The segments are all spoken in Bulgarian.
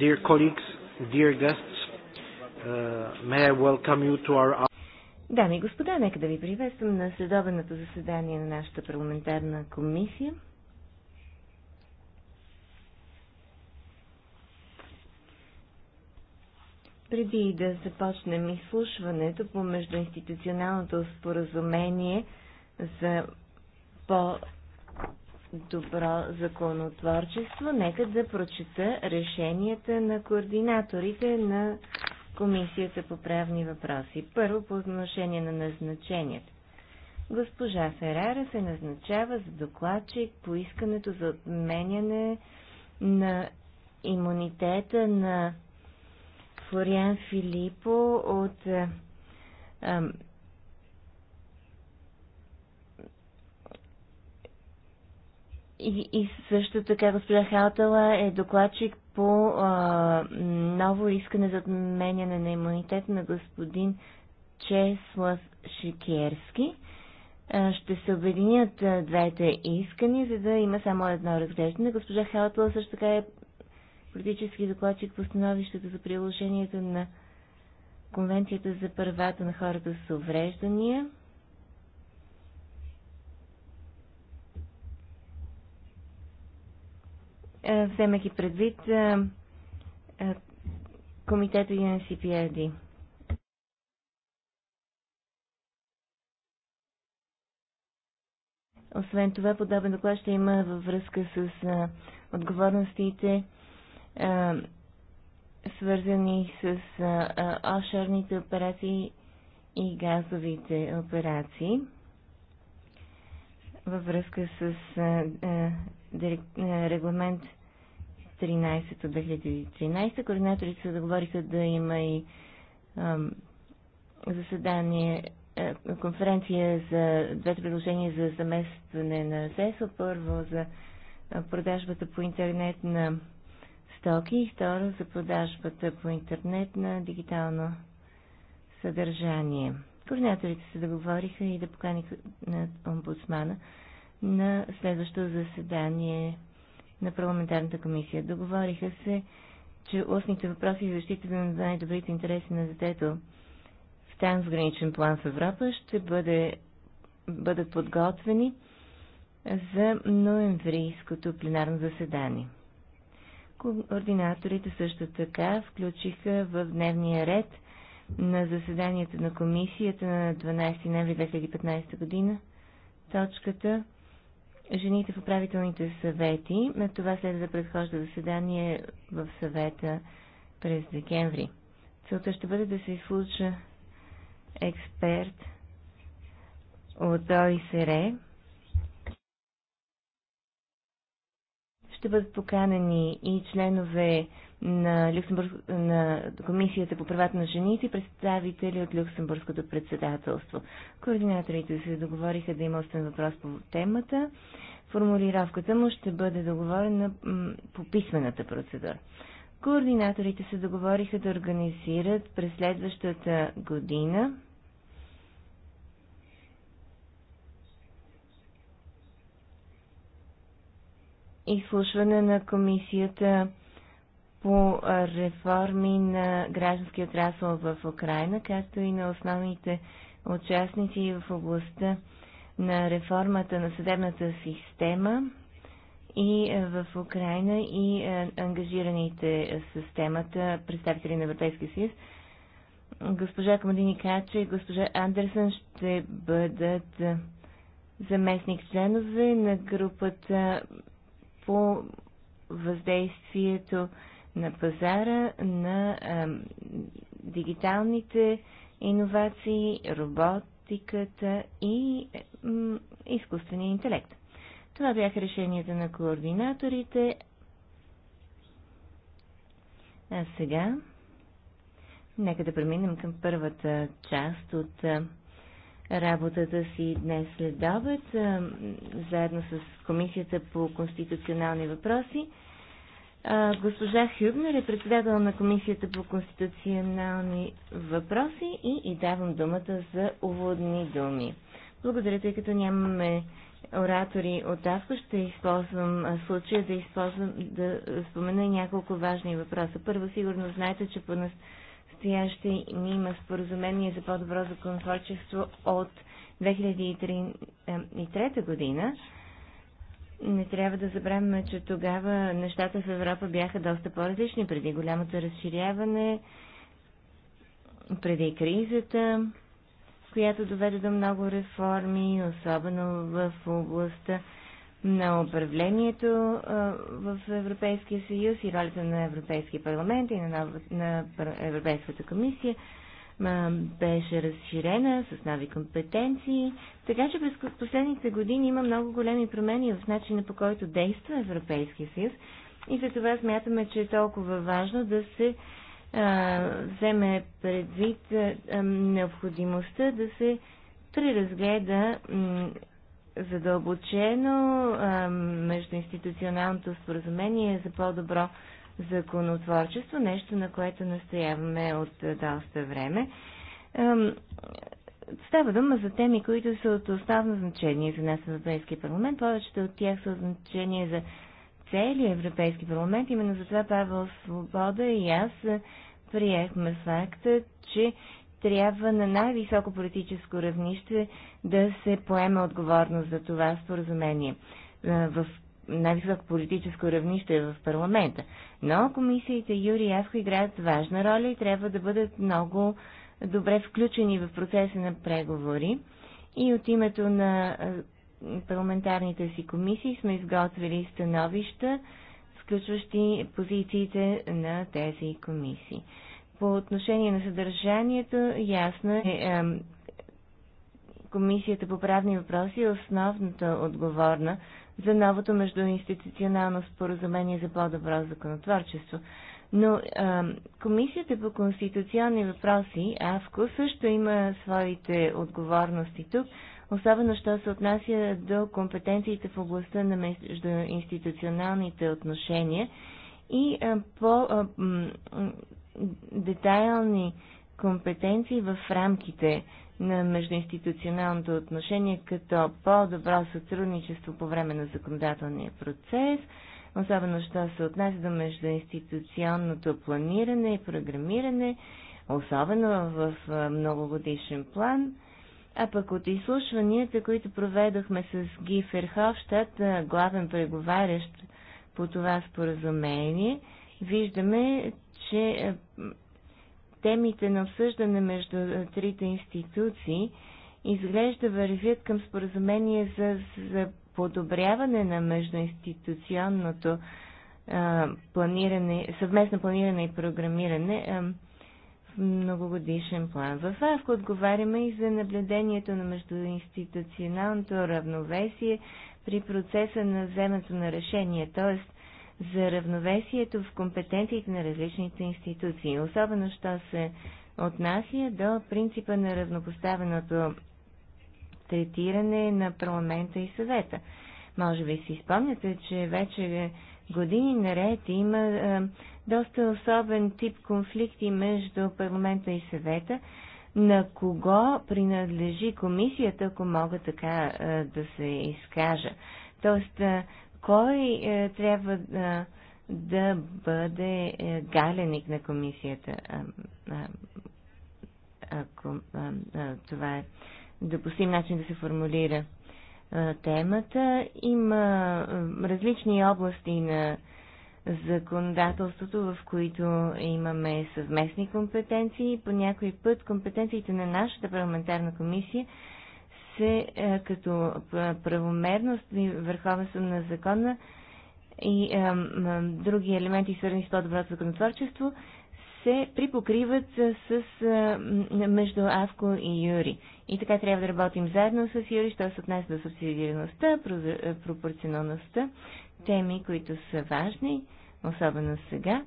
Dear colleagues, dear guests, uh, may I welcome you to our... Дами и господа, нека да ви приветствам на следобеното заседание на нашата парламентарна комисия. Преди да започнем изслушването по междуинституционалното споразумение за по добро законотворчество, нека да прочета решенията на координаторите на Комисията по правни въпроси. Първо по отношение на назначението. Госпожа Ферара се назначава за докладчик по искането за отменяне на имунитета на Флориан Филипо от И, и също така госпожа Халтала е докладчик по а, ново искане за отменяне на имунитет на господин Чеслав Шикерски. А, ще се обединят а, двете искания, за да има само едно разглеждане. Госпожа Халтала също така е политически докладчик по становището за приложението на Конвенцията за правата на хората с увреждания. Е, вземайки предвид е, е, комитета UNCPRD. Освен това, подобен доклад ще има във връзка с а, отговорностите, а, свързани с а, а, офшорните операции и газовите операции, във връзка с а, а, регламент 2007 13 2013. Координаторите се договориха да има и заседание, а, е, конференция за двете предложения за заместване на СЕСО. Първо за продажбата по интернет на стоки и второ за продажбата по интернет на дигитално съдържание. Координаторите се договориха и да поканят е, омбудсмана на следващото заседание на парламентарната комисия. Договориха се, че устните въпроси и защита на най-добрите интереси на детето в трансграничен план в Европа ще бъде, бъдат подготвени за ноемврийското пленарно заседание. Координаторите също така включиха в дневния ред на заседанието на комисията на 12 ноември 2015 година точката жените в управителните съвети. На това следва да предхожда заседание в съвета през декември. Целта ще бъде да се изслуша експерт от ОИСР. Ще бъдат поканени и членове на, Люксембург, на Комисията по правата на жените и представители от Люксембургското председателство. Координаторите се договориха да има остен въпрос по темата. Формулировката му ще бъде договорена по писмената процедура. Координаторите се договориха да организират през следващата година изслушване на комисията по реформи на граждански отрасъл в Украина, както и на основните участници в областта на реформата на съдебната система и в Украина и ангажираните с темата представители на Европейския съюз. Госпожа Камадини Кача и госпожа Андерсън ще бъдат заместник членове на групата по въздействието на пазара на а, дигиталните иновации, роботиката и м, изкуствения интелект. Това бяха решенията на координаторите. А сега нека да преминем към първата част от работата си днес след обед, заедно с Комисията по конституционални въпроси. Госпожа Хюбнер е председател на Комисията по конституционални въпроси и, и давам думата за уводни думи. Благодаря, тъй като нямаме оратори от Аско, ще използвам случая да, използвам, да спомена няколко важни въпроса. Първо, сигурно знаете, че по настояще има споразумение за по-добро законотворчество от 2003 година не трябва да забравяме, че тогава нещата в Европа бяха доста по-различни преди голямото разширяване, преди кризата, която доведе до много реформи, особено в областта на управлението в Европейския съюз и ролята на Европейския парламент и на, нова, на Европейската комисия беше разширена с нови компетенции. Така че през последните години има много големи промени в начина по който действа Европейския съюз и за това смятаме, че е толкова важно да се а, вземе предвид а, а, необходимостта да се преразгледа задълбочено междуинституционалното споразумение за по-добро законотворчество, нещо на което настояваме от доста време. Става дума за теми, които са от основно значение за нас в Европейския парламент. Повечето от тях са от значение за целият Европейски парламент. Именно затова Павел Свобода и аз приехме факта, че трябва на най-високо политическо равнище да се поеме отговорност за това споразумение. В най висок политическо равнище в парламента. Но комисиите Юри и Авко играят важна роля и трябва да бъдат много добре включени в процеса на преговори. И от името на парламентарните си комисии сме изготвили становища, включващи позициите на тези комисии. По отношение на съдържанието, ясно е, е Комисията по правни въпроси е основната отговорна за новото междуинституционално споразумение за по-добро законотворчество. Но а, Комисията по конституционни въпроси, АВКО, също има своите отговорности тук, особено що се отнася до компетенциите в областта на междуинституционалните отношения и а, по а, м, детайлни компетенции в рамките на междуинституционалното отношение като по-добро сътрудничество по време на законодателния процес, особено що се отнася до междуинституционното планиране и програмиране, особено в многогодишен план. А пък от изслушванията, които проведохме с Ги Ферховщат, главен преговарящ по това споразумение, виждаме, че темите на обсъждане между трите институции изглежда вървят към споразумение за, за подобряване на междуинституционното а, планиране, съвместно планиране и програмиране а, в многогодишен план. В АФК отговаряме и за наблюдението на междуинституционалното равновесие при процеса на вземането на решение, т.е за равновесието в компетенциите на различните институции, особено що се отнася до принципа на равнопоставеното третиране на парламента и съвета. Може би си спомняте, че вече години наред има е, доста особен тип конфликти между парламента и съвета, на кого принадлежи комисията, ако мога така е, да се изкажа. Тоест, е, кой е, трябва да, да бъде е, галеник на комисията, ако това е допустим начин да се формулира темата. Има различни области на законодателството, в които имаме съвместни компетенции. По някой път компетенциите на нашата парламентарна комисия се е, като е, правомерност и върховенство на закона и а, е, а, други елементи, свързани с по-доброто законотворчество, се припокриват с, а, между Авко и Юри. И така трябва да работим заедно с Юри, що се отнася до субсидиарността, пропорционалността, теми, които са важни, особено сега.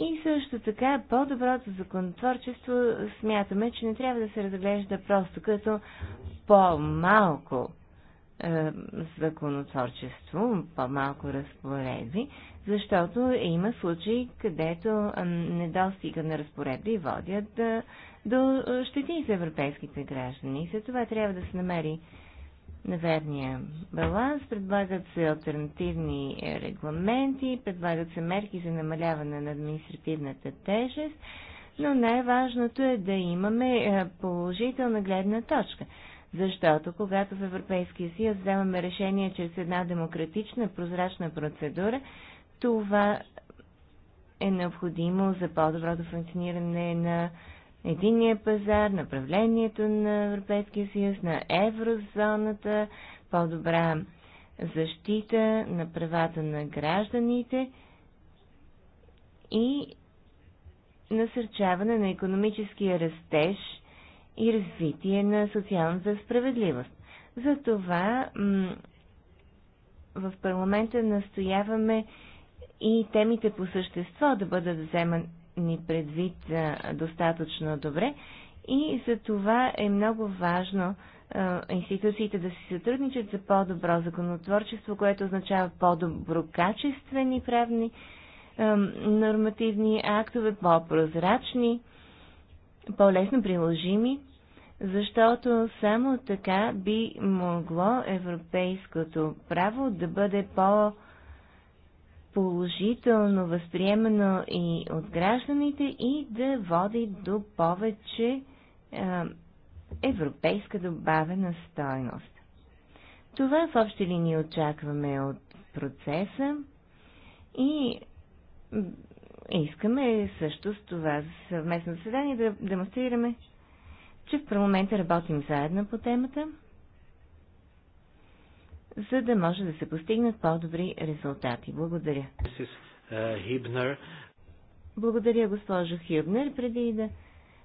И също така, по-доброто законотворчество смятаме, че не трябва да се разглежда просто като по-малко е, законотворчество, по-малко разпоредби, защото има случаи, където е, недостига на разпоредби водят е, до щети за европейските граждани. За това трябва да се намери наверния баланс, предлагат се альтернативни регламенти, предлагат се мерки за намаляване на административната тежест, но най-важното е да имаме е, положителна гледна точка. Защото когато в Европейския съюз вземаме решение чрез една демократична, прозрачна процедура, това е необходимо за по-доброто функциониране на единния пазар, направлението на Европейския съюз, на еврозоната, по-добра защита на правата на гражданите и насърчаване на економическия растеж – и развитие на социалната справедливост. Затова в парламента настояваме и темите по същество да бъдат вземани предвид достатъчно добре и за това е много важно институциите да си сътрудничат за по-добро законотворчество, което означава по-добро качествени правни нормативни актове, по-прозрачни, по-лесно приложими защото само така би могло европейското право да бъде по- положително възприемано и от гражданите и да води до повече а, европейска добавена стойност. Това в общи линии очакваме от процеса и искаме също с това съвместно заседание да демонстрираме че в момента работим заедно по темата, за да може да се постигнат по-добри резултати. Благодаря. Е, Благодаря, госпожо Хюбнер. Преди да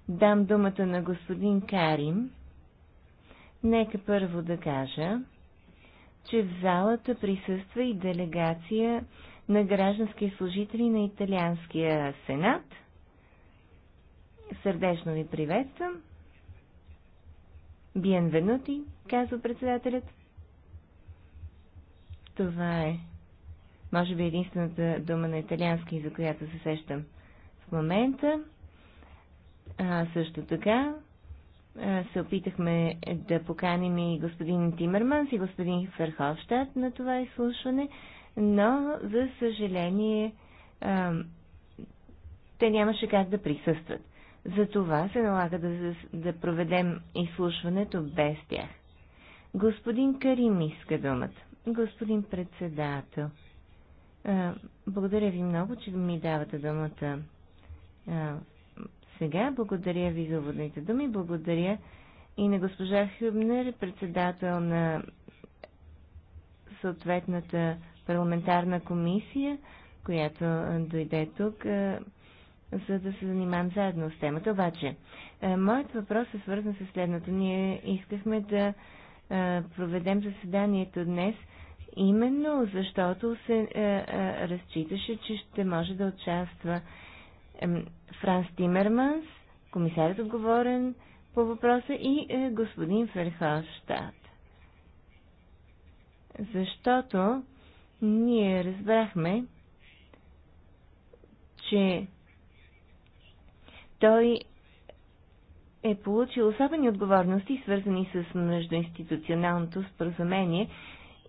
дам думата на господин Карим, нека първо да кажа, че в залата присъства и делегация на граждански служители на Италианския сенат. Сърдечно ви приветствам. Биенвенути, казва председателят. Това е, може би, единствената дума на италиански, за която се сещам в момента. А, също така а, се опитахме да поканим и господин Тимерманс и господин Ферховщад на това изслушване, но, за съжаление, а, те нямаше как да присъстват. За това се налага да, да проведем изслушването без тях. Господин Карим иска думата. Господин председател, благодаря ви много, че ми давате думата сега. Благодаря ви за водните думи. Благодаря и на госпожа Хюбнер, председател на съответната парламентарна комисия, която дойде тук за да се занимавам заедно с темата. Обаче, е, моят въпрос е свързан с следното. Ние искахме да е, проведем заседанието днес, именно защото се е, разчиташе, че ще може да участва Франс Тимерманс, комисарят отговорен по въпроса и господин Ферхолштад. Защото ние разбрахме, че той е получил особени отговорности, свързани с междуинституционалното споразумение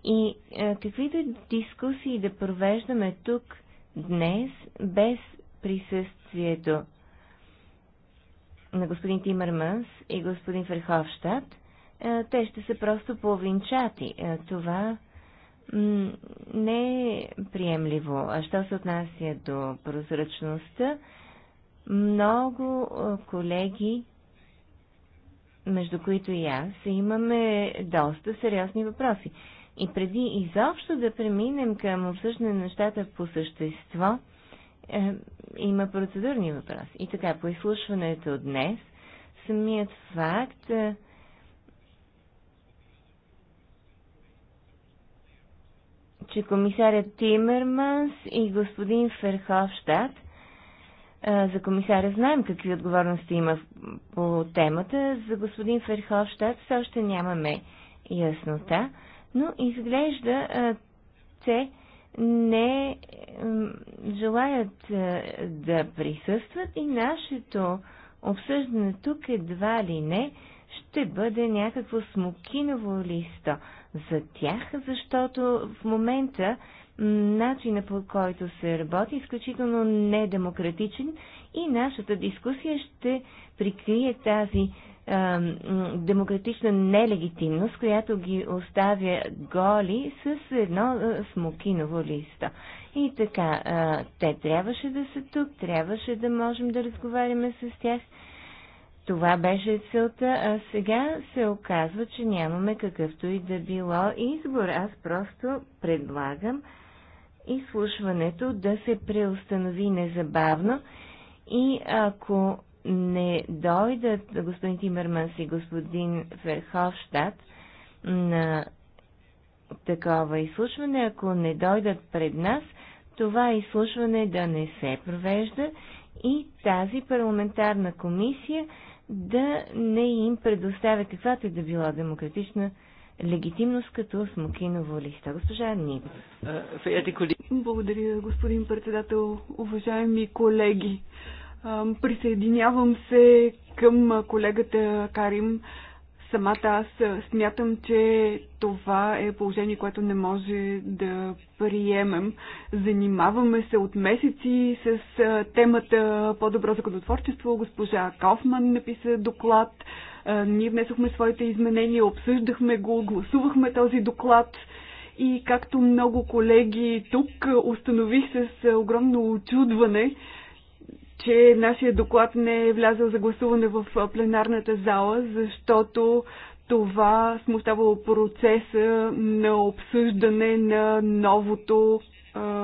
и е, каквито дискусии да провеждаме тук днес без присъствието на господин Мънс и господин Ферховщад, е, те ще са просто половинчати. Е, това не е приемливо. А що се отнася до прозрачността, много колеги, между които и аз, имаме доста сериозни въпроси. И преди изобщо да преминем към обсъждане на нещата по същество, е, има процедурни въпроси. И така, по изслушването днес, самият факт е, че комисарят Тимерманс и господин Ферховщад за комисаря знаем какви отговорности има по темата. За господин Ферховщад все още нямаме яснота, но изглежда те не желаят да присъстват и нашето обсъждане тук едва ли не ще бъде някакво смокиново листо за тях, защото в момента начина по който се работи, е изключително недемократичен и нашата дискусия ще прикрие тази а, демократична нелегитимност, която ги оставя голи с едно а, смокиново листо. И така, а, те трябваше да са тук, трябваше да можем да разговаряме с тях. Това беше целта, а сега се оказва, че нямаме какъвто и да било избор. Аз просто предлагам изслушването да се преустанови незабавно и ако не дойдат господин Тимерманс и господин Ферховщад на такова изслушване, ако не дойдат пред нас, това изслушване да не се провежда и тази парламентарна комисия да не им предоставя каквато и да била демократична легитимност като смокиново листа. Госпожа Ни. Благодаря, господин председател, уважаеми колеги. Присъединявам се към колегата Карим Самата аз смятам, че това е положение, което не може да приемем. Занимаваме се от месеци с темата по-добро законотворчество. Госпожа Кауфман написа доклад. Ние внесохме своите изменения, обсъждахме го, гласувахме този доклад. И както много колеги тук установих с огромно очудване, че нашия доклад не е влязъл за гласуване в пленарната зала, защото това смущавало процеса на обсъждане на новото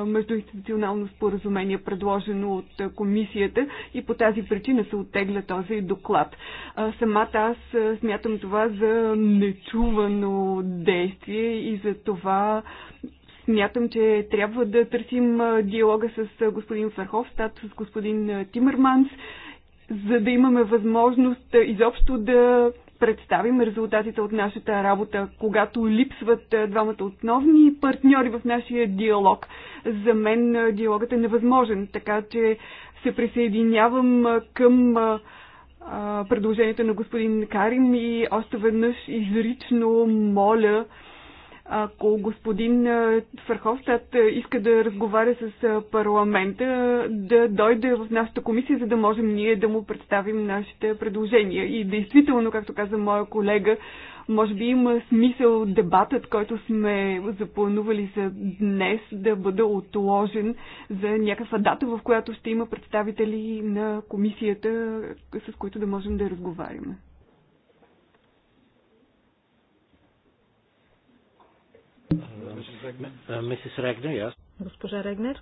междуинституционално споразумение, предложено от комисията и по тази причина се оттегля този доклад. Самата аз смятам това за нечувано действие и за това Смятам, че трябва да търсим диалога с господин Ферховстат, с господин Тимърманс, за да имаме възможност изобщо да представим резултатите от нашата работа, когато липсват двамата основни партньори в нашия диалог. За мен диалогът е невъзможен, така че се присъединявам към предложението на господин Карим и още веднъж изрично моля ако господин Ферховстат иска да разговаря с парламента, да дойде в нашата комисия, за да можем ние да му представим нашите предложения. И действително, както каза моя колега, може би има смисъл дебатът, който сме запланували за днес, да бъде отложен за някаква дата, в която ще има представители на комисията, с които да можем да разговаряме. Мисис Регнер, аз. Госпожа Регнер.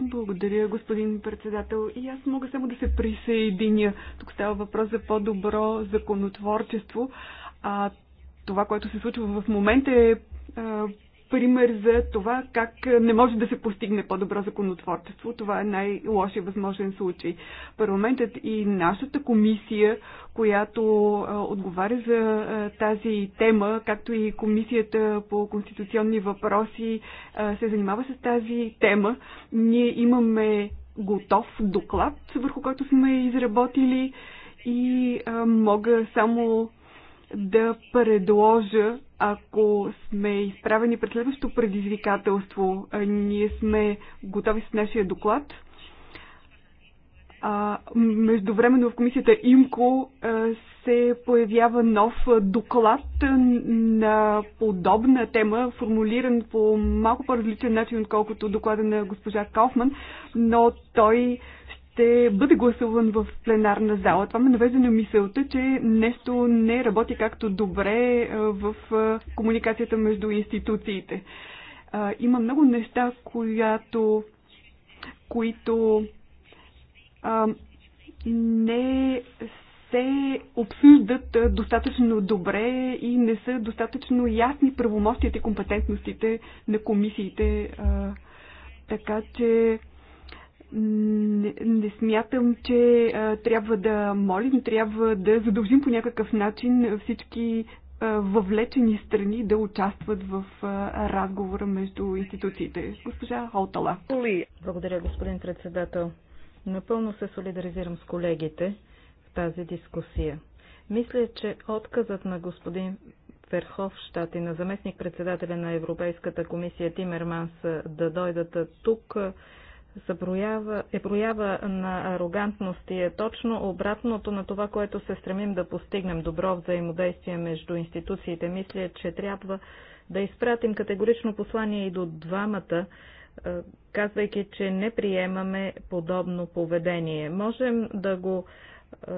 Благодаря, господин председател. И аз мога само да се присъединя. Тук става въпрос за по-добро законотворчество. А това, което се случва в момента е пример за това как не може да се постигне по-добро законотворчество. Това е най-лошия възможен случай. Парламентът и нашата комисия, която а, отговаря за а, тази тема, както и комисията по конституционни въпроси а, се занимава с тази тема, ние имаме готов доклад, върху който сме изработили и а, мога само да предложа, ако сме изправени пред следващото предизвикателство, ние сме готови с нашия доклад. А, междувременно в комисията ИМКО а, се появява нов доклад на подобна тема, формулиран по малко по-различен начин, отколкото доклада на госпожа Кауфман, но той а, ще бъде гласуван в пленарна зала. Това ме навезе на мисълта, че нещо не работи както добре е, в е, комуникацията между институциите. Е, има много неща, която, които а, не се обсъждат достатъчно добре и не са достатъчно ясни правомощите и компетентностите на комисиите. А, така че не, не смятам, че а, трябва да молим, трябва да задължим по някакъв начин всички а, въвлечени страни да участват в а, разговора между институциите. Госпожа Холтала. Благодаря, господин председател. Напълно се солидаризирам с колегите в тази дискусия. Мисля, че отказът на господин Верховщат и на заместник-председателя на Европейската комисия Тимерманс да дойдат тук са проява, е проява на арогантност и е точно обратното на това, което се стремим да постигнем добро взаимодействие между институциите. Мисля, че трябва да изпратим категорично послание и до двамата, е, казвайки, че не приемаме подобно поведение. Можем да го е,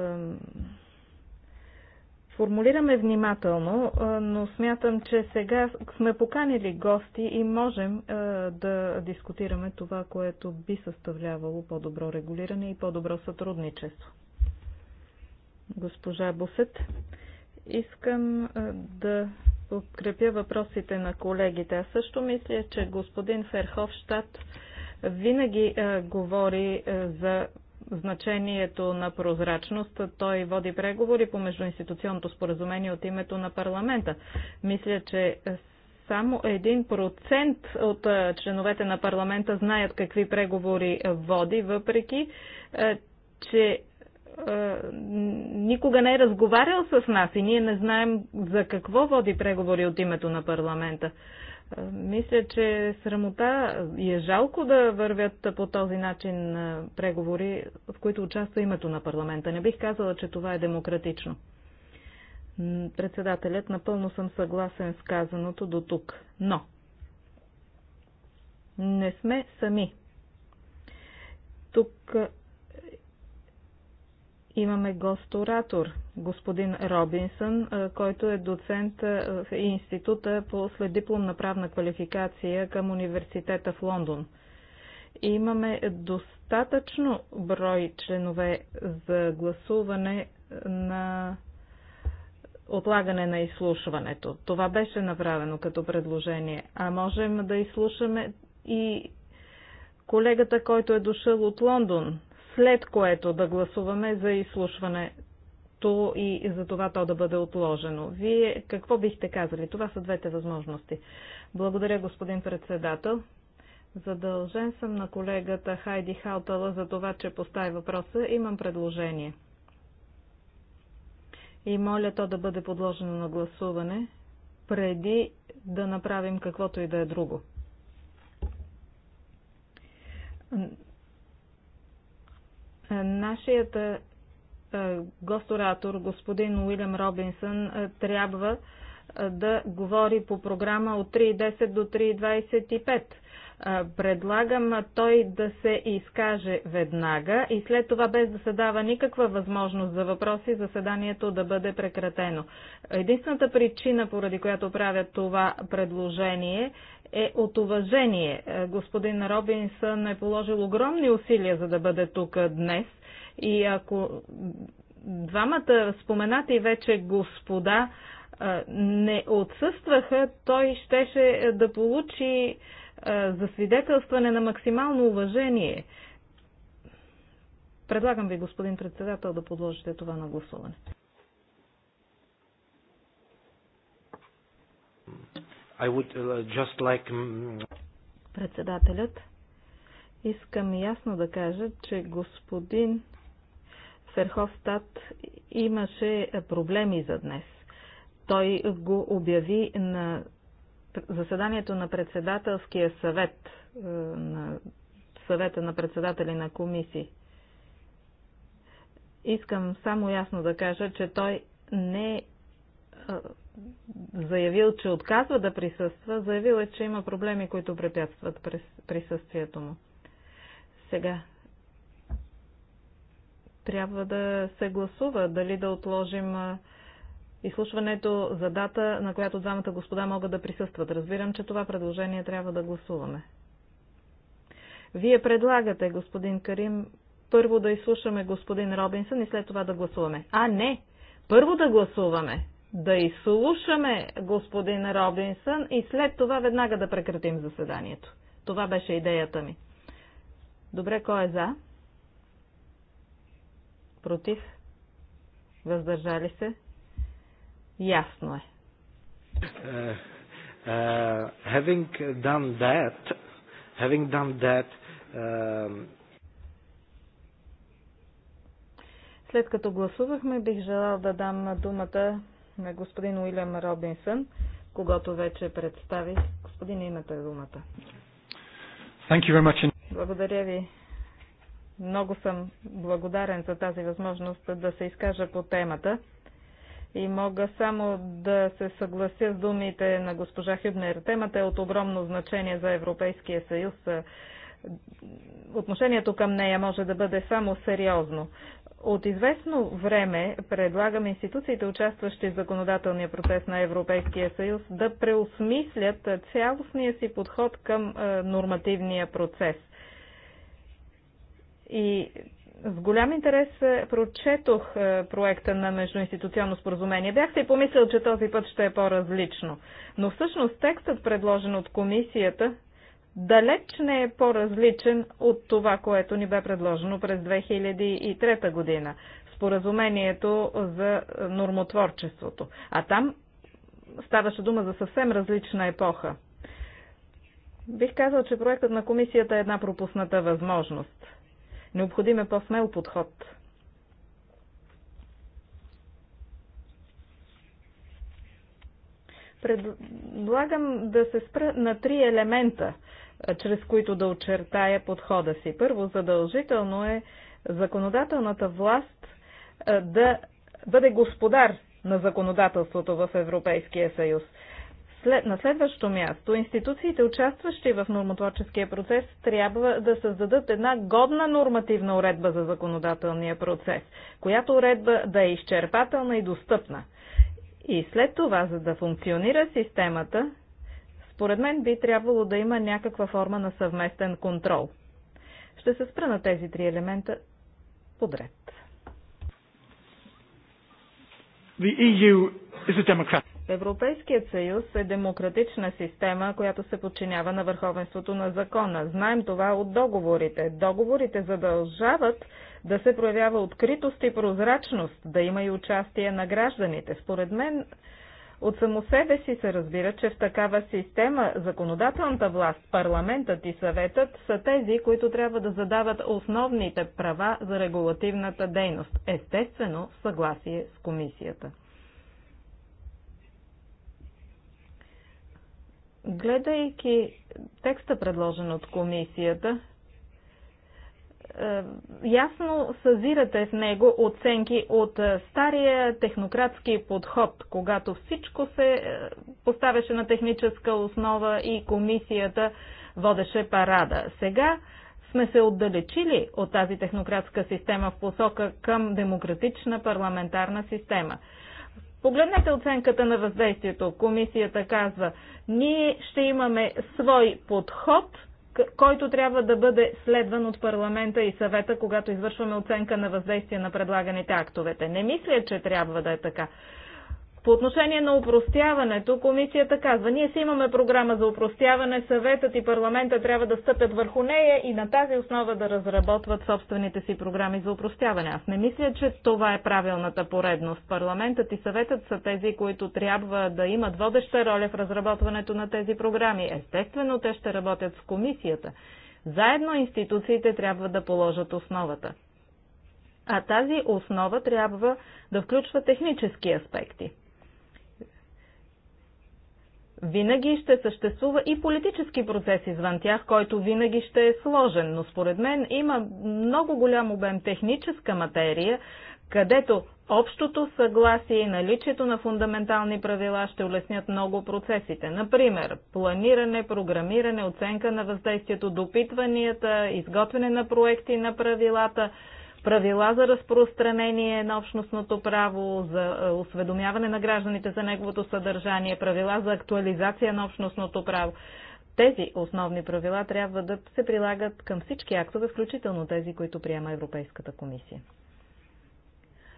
формулираме внимателно, но смятам, че сега сме поканили гости и можем да дискутираме това, което би съставлявало по-добро регулиране и по-добро сътрудничество. Госпожа Бусет, искам да подкрепя въпросите на колегите. Аз също мисля, че господин Ферховщад винаги говори за значението на прозрачност. Той води преговори по междуинституционното споразумение от името на парламента. Мисля, че само един процент от членовете на парламента знаят какви преговори води, въпреки че никога не е разговарял с нас и ние не знаем за какво води преговори от името на парламента. Мисля, че срамота и е жалко да вървят по този начин преговори, в които участва името на парламента. Не бих казала, че това е демократично. Председателят, напълно съм съгласен с казаното до тук. Но не сме сами. Тук имаме гост-оратор, господин Робинсън, който е доцент в Института по следдипломна правна квалификация към университета в Лондон. Имаме достатъчно брой членове за гласуване на отлагане на изслушването. Това беше направено като предложение. А можем да изслушаме и колегата, който е дошъл от Лондон, след което да гласуваме за изслушването и за това то да бъде отложено. Вие какво бихте казали? Това са двете възможности. Благодаря, господин председател. Задължен съм на колегата Хайди Халтала за това, че постави въпроса. Имам предложение. И моля то да бъде подложено на гласуване, преди да направим каквото и да е друго. Нашият е, госторатор, господин Уилям Робинсън, е, трябва да говори по програма от 3.10 до 3.25. Предлагам той да се изкаже веднага и след това без да се дава никаква възможност за въпроси, заседанието да бъде прекратено. Единствената причина, поради която правя това предложение, е от уважение. Господин Робинсън е положил огромни усилия, за да бъде тук днес. И ако двамата споменати вече господа не отсъстваха, той щеше да получи засвидетелстване на максимално уважение. Предлагам ви, господин председател, да подложите това на гласуване. I would uh, just like... Председателят, искам ясно да кажа, че господин Ферховстат имаше проблеми за днес. Той го обяви на заседанието на председателския съвет, е, на съвета на председатели на комисии. Искам само ясно да кажа, че той не е заявил, че отказва да присъства, заявил е, че има проблеми, които препятстват присъствието му. Сега трябва да се гласува дали да отложим е, изслушването за дата, на която двамата господа могат да присъстват. Разбирам, че това предложение трябва да гласуваме. Вие предлагате, господин Карим, първо да изслушаме господин Робинсън и след това да гласуваме. А, не! Първо да гласуваме, да изслушаме господин Робинсън и след това веднага да прекратим заседанието. Това беше идеята ми. Добре, кой е за? Против? Въздържали се? Ясно е. Uh, uh, having done that, having done that, uh... След като гласувахме, бих желал да дам думата на господин Уилям Робинсън, когато вече представих. Господин, имате думата. Thank you very much. Благодаря ви. Много съм благодарен за тази възможност да се изкажа по темата и мога само да се съглася с думите на госпожа Хюбнер. Темата е от огромно значение за Европейския съюз. Отношението към нея може да бъде само сериозно. От известно време предлагам институциите, участващи в законодателния процес на Европейския съюз, да преосмислят цялостния си подход към е, нормативния процес. И с голям интерес е, прочетох е, проекта на междуинституционно споразумение. Бях си помислил, че този път ще е по-различно. Но всъщност текстът, предложен от комисията, далеч не е по-различен от това, което ни бе предложено през 2003 година. Споразумението за нормотворчеството. А там ставаше дума за съвсем различна епоха. Бих казал, че проектът на комисията е една пропусната възможност. Необходим е по-смел подход. Предлагам да се спра на три елемента, чрез които да очертая подхода си. Първо, задължително е законодателната власт да бъде господар на законодателството в Европейския съюз. След, на следващо място, институциите, участващи в нормотворческия процес, трябва да създадат една годна нормативна уредба за законодателния процес, която уредба да е изчерпателна и достъпна. И след това, за да функционира системата, според мен би трябвало да има някаква форма на съвместен контрол. Ще се спра на тези три елемента подред. The EU is a democratic. Европейският съюз е демократична система, която се подчинява на върховенството на закона. Знаем това от договорите. Договорите задължават да се проявява откритост и прозрачност, да има и участие на гражданите. Според мен от само себе си се разбира, че в такава система законодателната власт, парламентът и съветът са тези, които трябва да задават основните права за регулативната дейност, естествено в съгласие с комисията. Гледайки текста, предложен от комисията, е, ясно съзирате в него оценки от е, стария технократски подход, когато всичко се е, поставяше на техническа основа и комисията водеше парада. Сега сме се отдалечили от тази технократска система в посока към демократична парламентарна система. Погледнете оценката на въздействието. Комисията казва, ние ще имаме свой подход, който трябва да бъде следван от парламента и съвета, когато извършваме оценка на въздействие на предлаганите актовете. Не мисля, че трябва да е така. По отношение на упростяването, комисията казва, ние си имаме програма за упростяване, съветът и парламента трябва да стъпят върху нея и на тази основа да разработват собствените си програми за упростяване. Аз не мисля, че това е правилната поредност. Парламентът и съветът са тези, които трябва да имат водеща роля в разработването на тези програми. Естествено, те ще работят с комисията. Заедно институциите трябва да положат основата. А тази основа трябва да включва технически аспекти. Винаги ще съществува и политически процес извън тях, който винаги ще е сложен, но според мен има много голям обем техническа материя, където общото съгласие и наличието на фундаментални правила ще улеснят много процесите. Например, планиране, програмиране, оценка на въздействието, допитванията, изготвяне на проекти на правилата – правила за разпространение на общностното право, за е, осведомяване на гражданите за неговото съдържание, правила за актуализация на общностното право. Тези основни правила трябва да се прилагат към всички актове, включително тези, които приема Европейската комисия.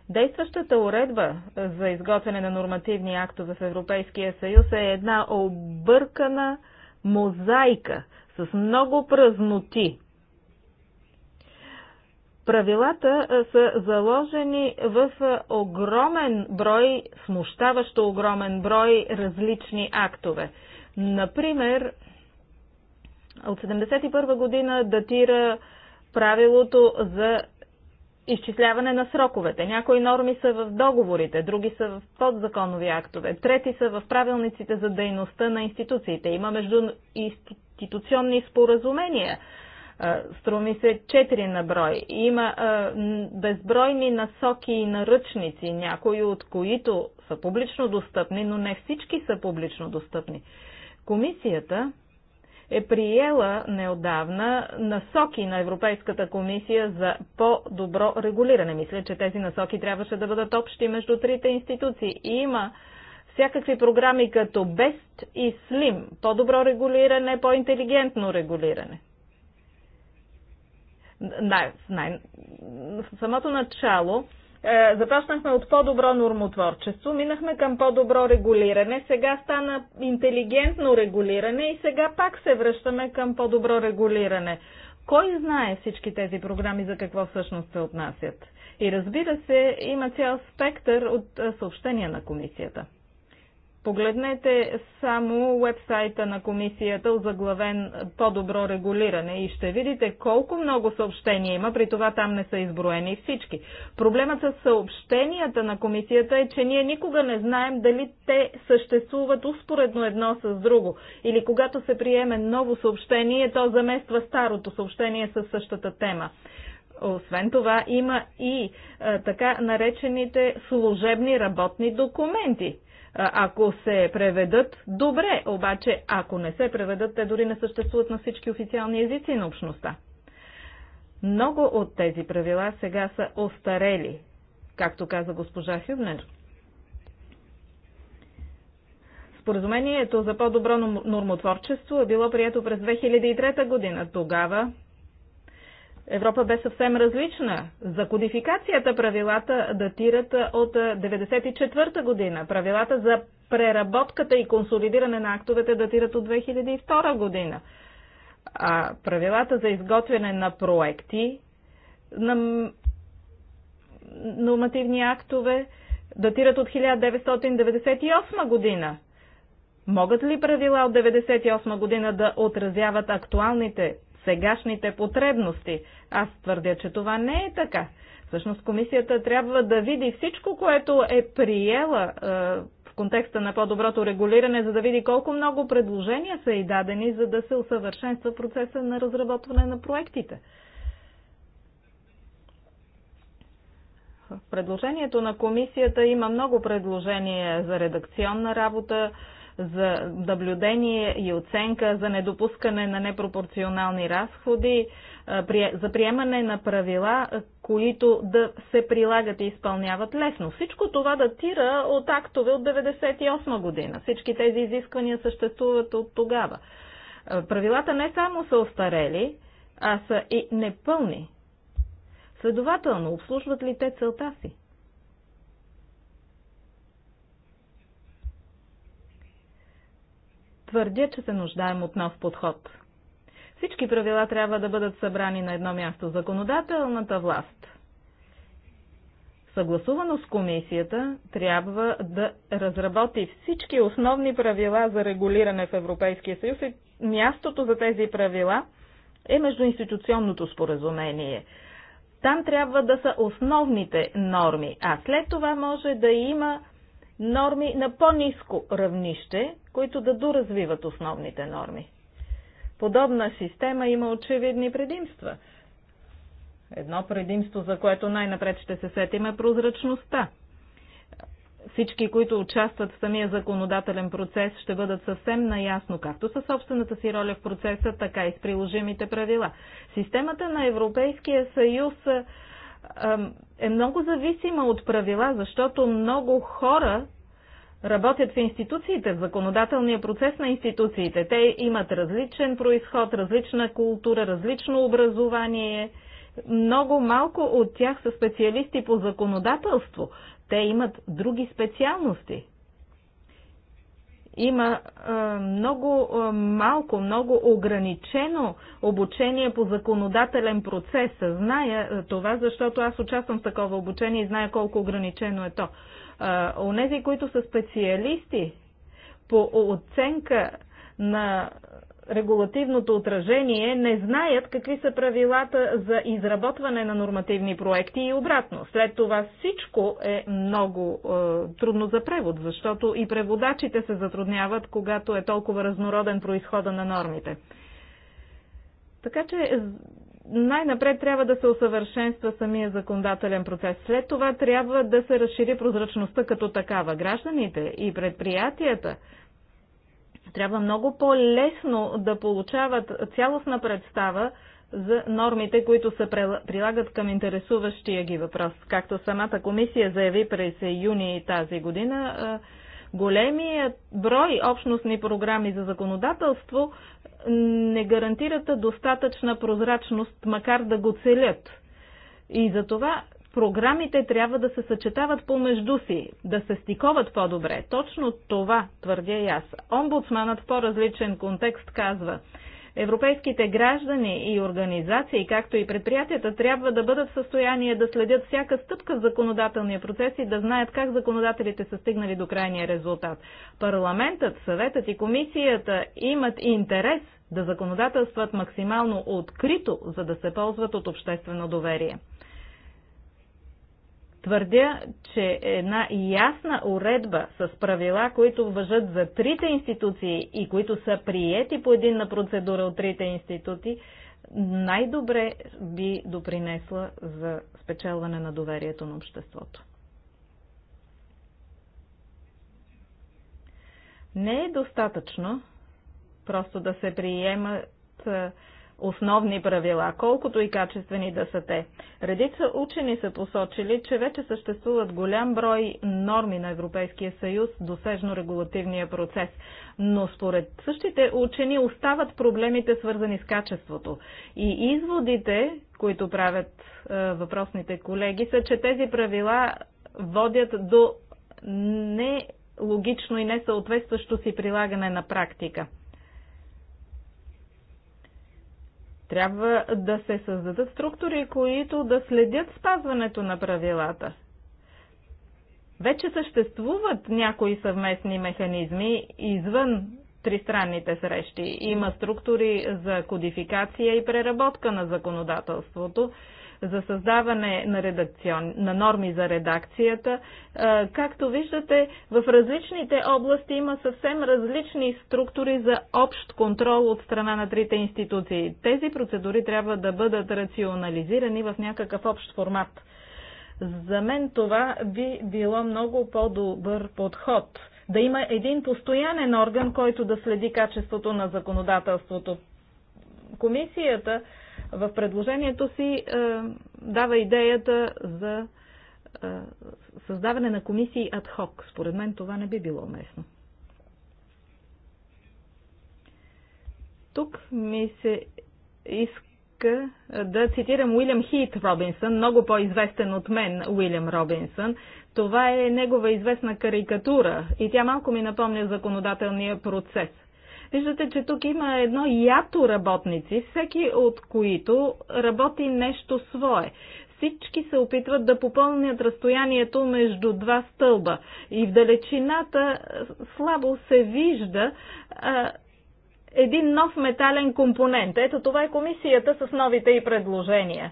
Действащата уредба за изготвяне на нормативни актове в Европейския съюз е една объркана мозайка с много празноти, Правилата са заложени в огромен брой, смущаващо огромен брой различни актове. Например, от 1971 година датира правилото за изчисляване на сроковете. Някои норми са в договорите, други са в подзаконови актове, трети са в правилниците за дейността на институциите. Има между институционни споразумения Струми се 4 на брой. Има безбройни насоки и наръчници, някои от които са публично достъпни, но не всички са публично достъпни. Комисията е приела неодавна насоки на Европейската комисия за по-добро регулиране. Мисля, че тези насоки трябваше да бъдат общи между трите институции. И има всякакви програми като BEST и SLIM. По-добро регулиране, по-интелигентно регулиране най, най, в самото начало е, започнахме от по-добро нормотворчество, минахме към по-добро регулиране, сега стана интелигентно регулиране и сега пак се връщаме към по-добро регулиране. Кой знае всички тези програми за какво всъщност се отнасят? И разбира се, има цял спектър от е, съобщения на комисията. Погледнете само вебсайта на комисията, озаглавен по-добро регулиране и ще видите колко много съобщения има, при това там не са изброени всички. Проблемът с съобщенията на комисията е, че ние никога не знаем дали те съществуват успоредно едно с друго. Или когато се приеме ново съобщение, то замества старото съобщение със същата тема. Освен това има и а, така наречените служебни работни документи – ако се преведат, добре, обаче ако не се преведат, те дори не съществуват на всички официални езици на общността. Много от тези правила сега са остарели, както каза госпожа Хюбнер. Споразумението за по-добро нормотворчество е било прието през 2003 година. Тогава Европа бе съвсем различна. За кодификацията правилата датират от 1994 година. Правилата за преработката и консолидиране на актовете датират от 2002 година. А правилата за изготвяне на проекти на нормативни актове датират от 1998 година. Могат ли правила от 1998 година да отразяват актуалните сегашните потребности. Аз твърдя, че това не е така. Всъщност комисията трябва да види всичко, което е приела е, в контекста на по-доброто регулиране, за да види колко много предложения са и дадени, за да се усъвършенства процеса на разработване на проектите. В предложението на комисията има много предложения за редакционна работа, за наблюдение и оценка, за недопускане на непропорционални разходи, за приемане на правила, които да се прилагат и изпълняват лесно. Всичко това датира от актове от 1998 година. Всички тези изисквания съществуват от тогава. Правилата не само са остарели, а са и непълни. Следователно, обслужват ли те целта си? твърдя, че се нуждаем от нов подход. Всички правила трябва да бъдат събрани на едно място. Законодателната власт, съгласувано с комисията, трябва да разработи всички основни правила за регулиране в Европейския съюз и мястото за тези правила е междуинституционното споразумение. Там трябва да са основните норми, а след това може да има норми на по-низко равнище, които да доразвиват основните норми. Подобна система има очевидни предимства. Едно предимство, за което най-напред ще се сетим е прозрачността. Всички, които участват в самия законодателен процес, ще бъдат съвсем наясно както със собствената си роля в процеса, така и с приложимите правила. Системата на Европейския съюз е много зависима от правила, защото много хора работят в институциите, в законодателния процес на институциите. Те имат различен происход, различна култура, различно образование. Много малко от тях са специалисти по законодателство. Те имат други специалности има много малко, много ограничено обучение по законодателен процес. Зная това, защото аз участвам в такова обучение и зная колко ограничено е то. Онези, които са специалисти по оценка на регулативното отражение не знаят какви са правилата за изработване на нормативни проекти и обратно. След това всичко е много е, трудно за превод, защото и преводачите се затрудняват, когато е толкова разнороден происхода на нормите. Така че най-напред трябва да се усъвършенства самия законодателен процес. След това трябва да се разшири прозрачността като такава. Гражданите и предприятията трябва много по-лесно да получават цялостна представа за нормите, които се прилагат към интересуващия ги въпрос. Както самата комисия заяви през юни тази година, големият брой общностни програми за законодателство не гарантират достатъчна прозрачност, макар да го целят. И за това програмите трябва да се съчетават помежду си, да се стиковат по-добре. Точно това твърдя и аз. Омбудсманът в по-различен контекст казва, Европейските граждани и организации, както и предприятията, трябва да бъдат в състояние да следят всяка стъпка в законодателния процес и да знаят как законодателите са стигнали до крайния резултат. Парламентът, съветът и комисията имат интерес да законодателстват максимално открито, за да се ползват от обществено доверие. Твърдя, че една ясна уредба с правила, които въжат за трите институции и които са приети по единна процедура от трите институти, най-добре би допринесла за спечелване на доверието на обществото. Не е достатъчно просто да се приемат основни правила, колкото и качествени да са те. Редица учени са посочили, че вече съществуват голям брой норми на Европейския съюз, досежно регулативния процес. Но според същите учени остават проблемите свързани с качеството. И изводите, които правят е, въпросните колеги, са, че тези правила водят до нелогично и несъответстващо си прилагане на практика. Трябва да се създадат структури, които да следят спазването на правилата. Вече съществуват някои съвместни механизми извън тристранните срещи. Има структури за кодификация и преработка на законодателството за създаване на, редакцион, на норми за редакцията. Както виждате, в различните области има съвсем различни структури за общ контрол от страна на трите институции. Тези процедури трябва да бъдат рационализирани в някакъв общ формат. За мен това би било много по-добър подход. Да има един постоянен орган, който да следи качеството на законодателството. Комисията в предложението си е, дава идеята за е, създаване на комисии адхок. Според мен това не би било уместно. Тук ми се иска е, да цитирам Уилям Хит Робинсън, много по-известен от мен Уилям Робинсън. Това е негова известна карикатура и тя малко ми напомня законодателния процес. Виждате, че тук има едно ято работници, всеки от които работи нещо свое. Всички се опитват да попълнят разстоянието между два стълба и в далечината слабо се вижда а, един нов метален компонент. Ето това е комисията с новите и предложения.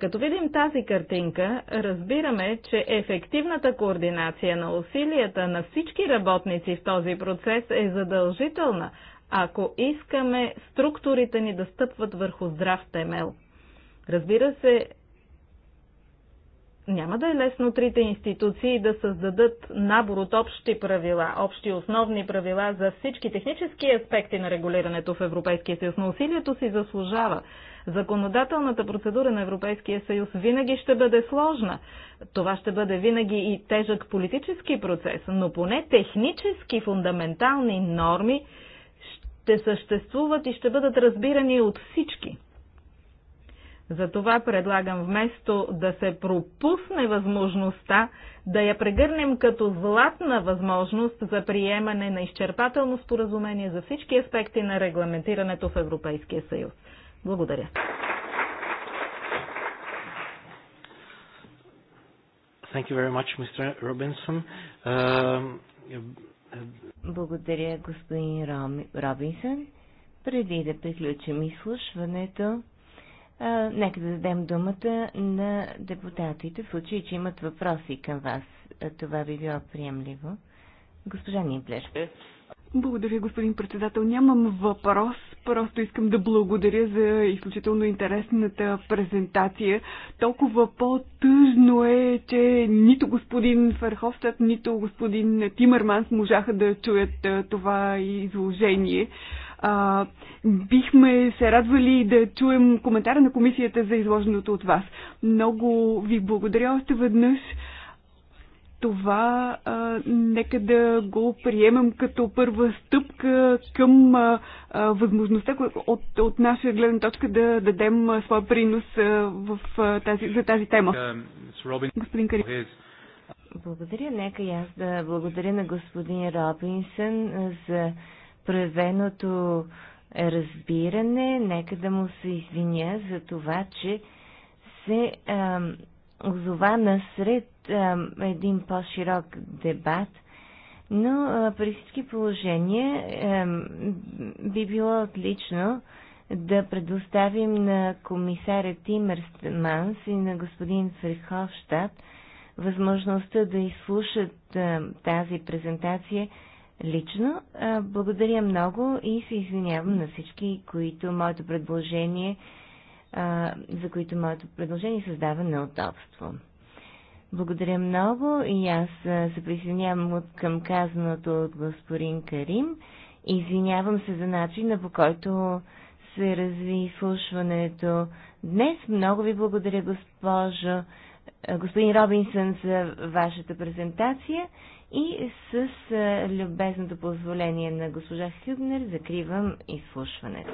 Като видим тази картинка, разбираме, че ефективната координация на усилията на всички работници в този процес е задължителна, ако искаме структурите ни да стъпват върху здрав темел. Разбира се, няма да е лесно трите институции да създадат набор от общи правила, общи основни правила за всички технически аспекти на регулирането в Европейския съюз, но усилието си заслужава Законодателната процедура на Европейския съюз винаги ще бъде сложна. Това ще бъде винаги и тежък политически процес, но поне технически фундаментални норми ще съществуват и ще бъдат разбирани от всички. Затова предлагам вместо да се пропусне възможността, да я прегърнем като златна възможност за приемане на изчерпателно споразумение за всички аспекти на регламентирането в Европейския съюз. Благодаря. Thank you very much, Mr. Robinson. Um, благодаря, господин Робинсън. Преди да приключим изслушването, нека да дадем думата на депутатите, в случай, че имат въпроси към вас. това би било приемливо. Госпожа Ниблер. Е, благодаря, господин председател. Нямам въпрос, просто искам да благодаря за изключително интересната презентация. Толкова по-тъжно е, че нито господин Ферховстът, нито господин Тимърманс можаха да чуят това изложение. А, бихме се радвали да чуем коментара на комисията за изложеното от вас. Много ви благодаря още веднъж това а, нека да го приемем като първа стъпка към а, а, възможността от, от наша гледна точка да дадем своя принос а, в, а, тази, за тази тема. Господин Кари. Благодаря. Нека и аз да благодаря на господин Робинсън за проявеното разбиране. Нека да му се извиня за това, че се. А, озова сред един по-широк дебат, но а, при всички положения а, би било отлично да предоставим на комисаря Тимерманс и на господин Фриховщад възможността да изслушат а, тази презентация лично. А, благодаря много и се извинявам на всички, които моето предложение за които моето предложение е създава неудобство. Благодаря много и аз се присъединявам към казаното от господин Карим. Извинявам се за начина по който се разви изслушването днес. Много ви благодаря, госпожо, господин Робинсън, за вашата презентация и с любезното позволение на госпожа Хюбнер закривам изслушването.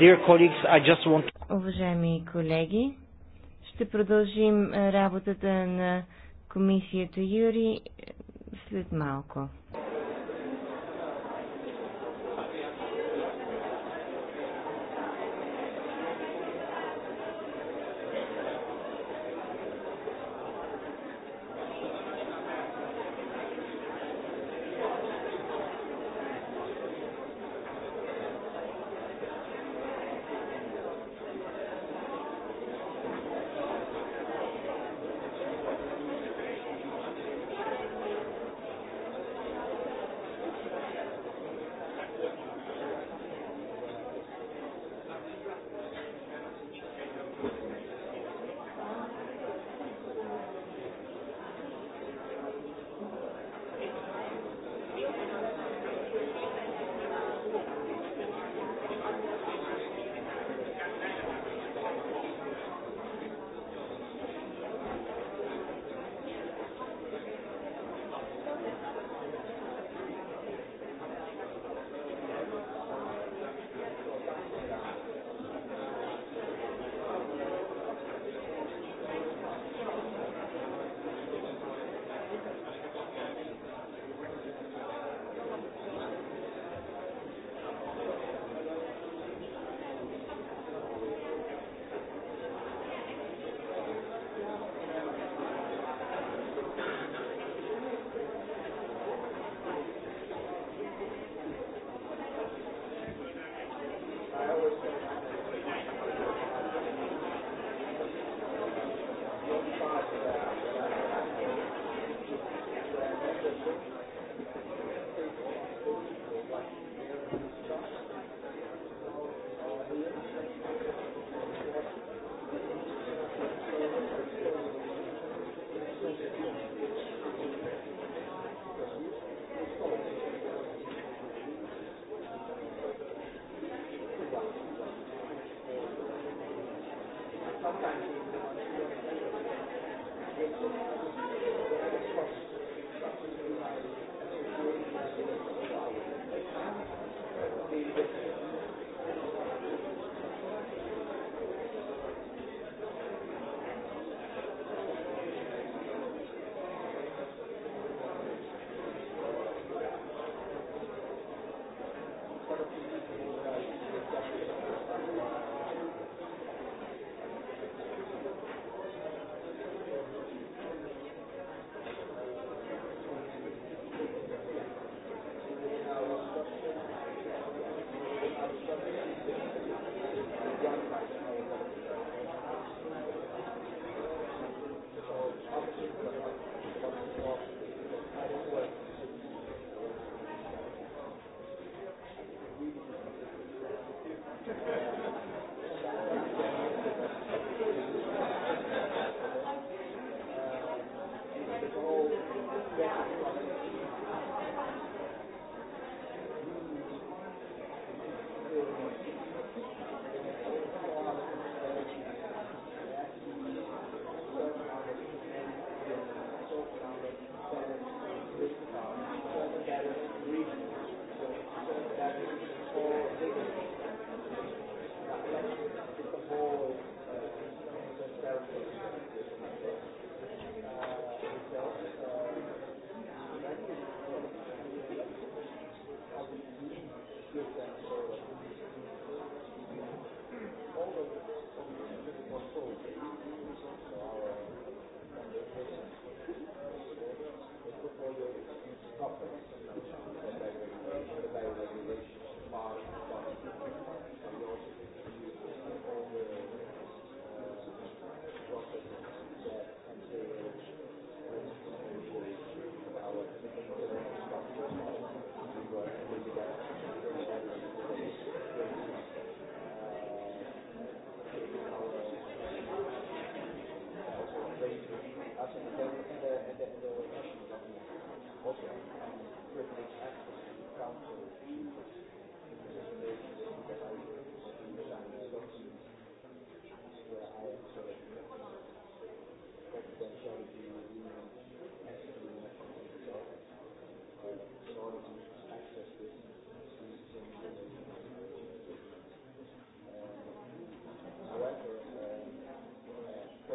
want... Уважаеми колеги, ще продължим работата на комисията Юри след малко.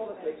for the flex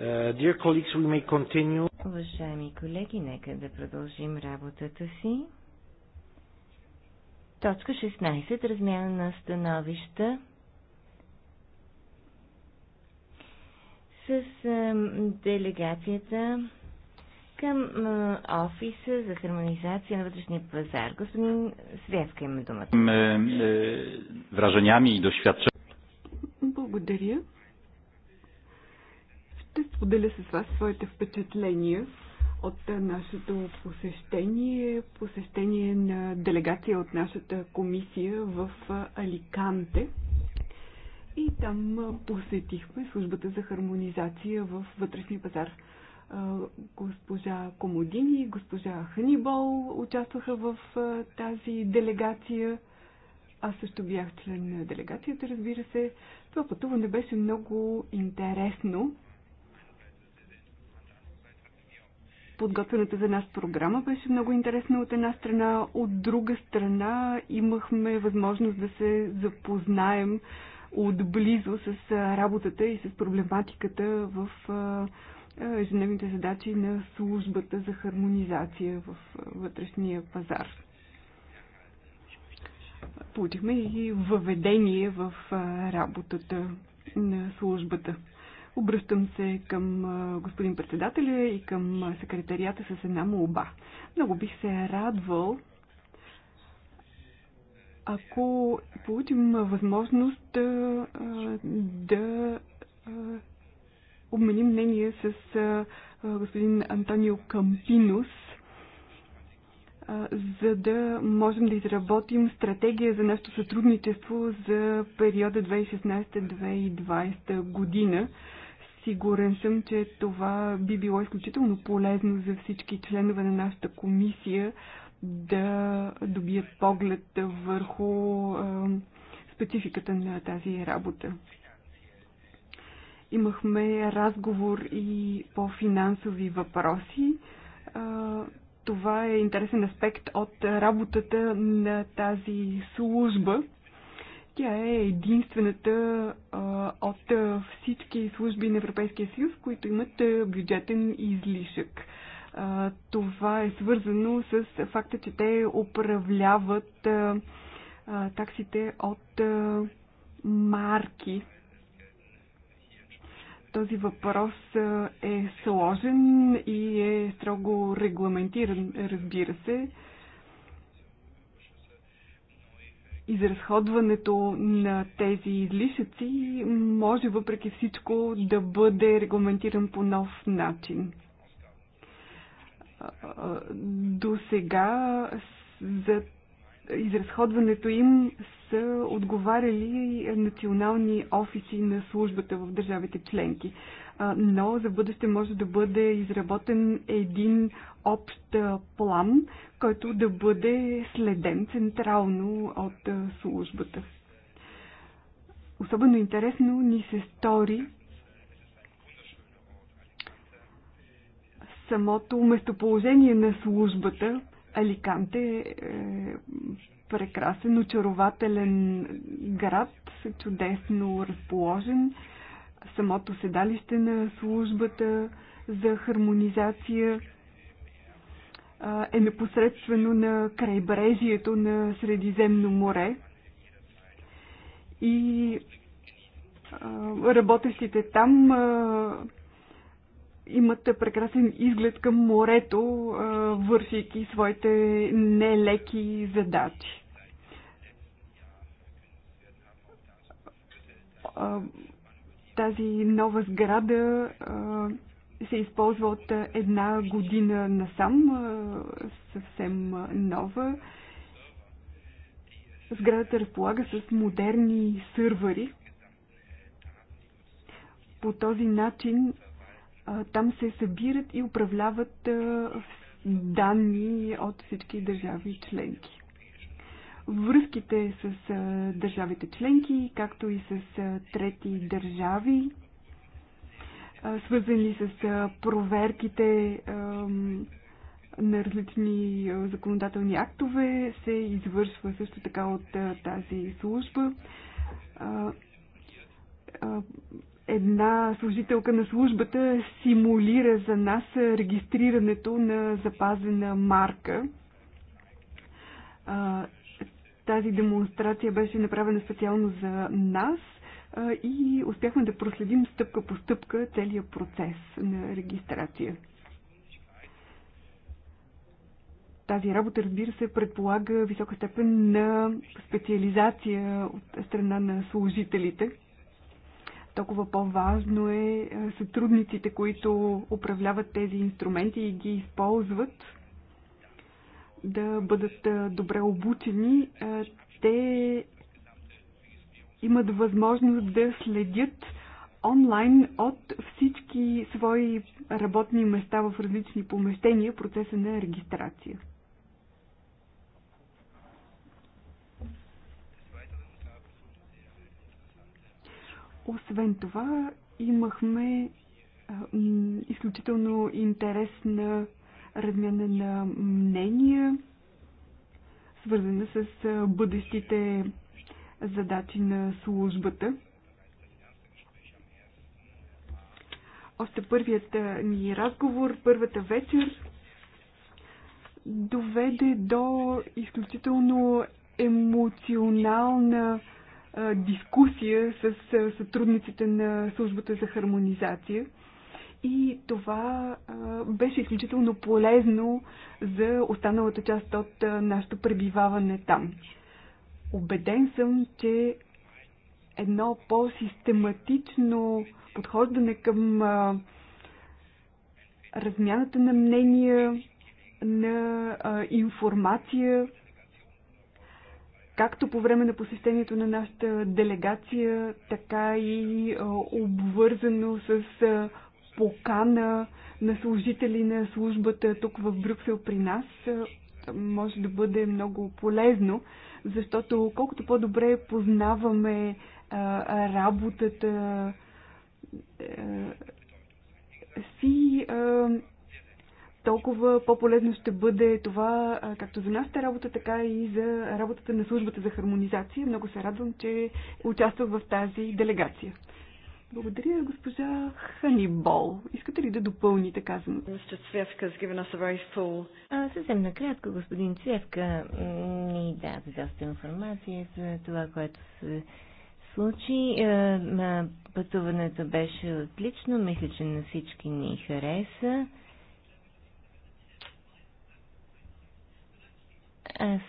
Uh, Уважаеми колеги, нека да продължим работата си. Точка 16. Размяна на становища с делегацията към офиса за хармонизация на вътрешния пазар. Господин Свевска има думата. Е, е, Вражениями и благодаря. Ще споделя с вас своите впечатления от нашето посещение, посещение на делегация от нашата комисия в Аликанте. И там посетихме службата за хармонизация в вътрешния пазар. Госпожа Комодини госпожа Ханибол участваха в тази делегация. Аз също бях член на делегацията, разбира се. Това пътуване беше много интересно. Подготвената за нас програма беше много интересна от една страна, от друга страна имахме възможност да се запознаем отблизо с работата и с проблематиката в ежедневните задачи на службата за хармонизация в вътрешния пазар получихме и въведение в работата на службата. Обръщам се към господин председателя и към секретарията с една молба. Много бих се радвал, ако получим възможност да, да обменим мнение с господин Антонио Кампинус – за да можем да изработим стратегия за нашето сътрудничество за периода 2016-2020 година. Сигурен съм, че това би било изключително полезно за всички членове на нашата комисия да добият поглед върху спецификата на тази работа. Имахме разговор и по финансови въпроси това е интересен аспект от работата на тази служба. Тя е единствената а, от всички служби на Европейския съюз, които имат бюджетен излишък. А, това е свързано с факта, че те управляват а, а, таксите от а, марки. Този въпрос е, е сложен и е строго регламентиран, разбира се. Изразходването на тези излишъци може въпреки всичко да бъде регламентиран по нов начин. До сега за изразходването им са отговаряли национални офиси на службата в държавите членки. Но за бъдеще може да бъде изработен един общ план, който да бъде следен централно от службата. Особено интересно ни се стори самото местоположение на службата Аликанте е прекрасен, очарователен град, чудесно разположен. Самото седалище на службата за хармонизация е непосредствено на крайбрежието на Средиземно море. И работещите там имат прекрасен изглед към морето, вършейки своите нелеки задачи. Тази нова сграда се използва от една година насам, съвсем нова. Сградата разполага с модерни сървъри. По този начин там се събират и управляват данни от всички държави членки. Връзките с държавите членки, както и с трети държави, свързани с проверките на различни законодателни актове, се извършва също така от тази служба една служителка на службата симулира за нас регистрирането на запазена марка. Тази демонстрация беше направена специално за нас и успяхме да проследим стъпка по стъпка целия процес на регистрация. Тази работа, разбира се, предполага висока степен на специализация от страна на служителите – толкова по-важно е, е сътрудниците, които управляват тези инструменти и ги използват, да бъдат е, добре обучени. Е, те имат възможност да следят онлайн от всички свои работни места в различни помещения процеса на регистрация. Освен това, имахме изключително интересна размяна на мнения, свързана с бъдещите задачи на службата. Още първият ни разговор, първата вечер, доведе до изключително емоционална дискусия с сътрудниците на службата за хармонизация. И това беше изключително полезно за останалата част от нашето пребиваване там. Обеден съм, че едно по-систематично подхождане към а, размяната на мнения, на а, информация както по време на посещението на нашата делегация, така и обвързано с покана на служители на службата тук в Брюксел при нас може да бъде много полезно, защото колкото по-добре познаваме работата си, толкова по-полезно ще бъде това както за нашата работа, така и за работата на службата за хармонизация. Много се радвам, че участвах в тази делегация. Благодаря, госпожа Ханибол. Искате ли да допълните казаното? Съвсем накратко, господин Цвевка ни даде доста информация за това, което се случи. Е, пътуването беше отлично, мисля, че на всички ни хареса. Аз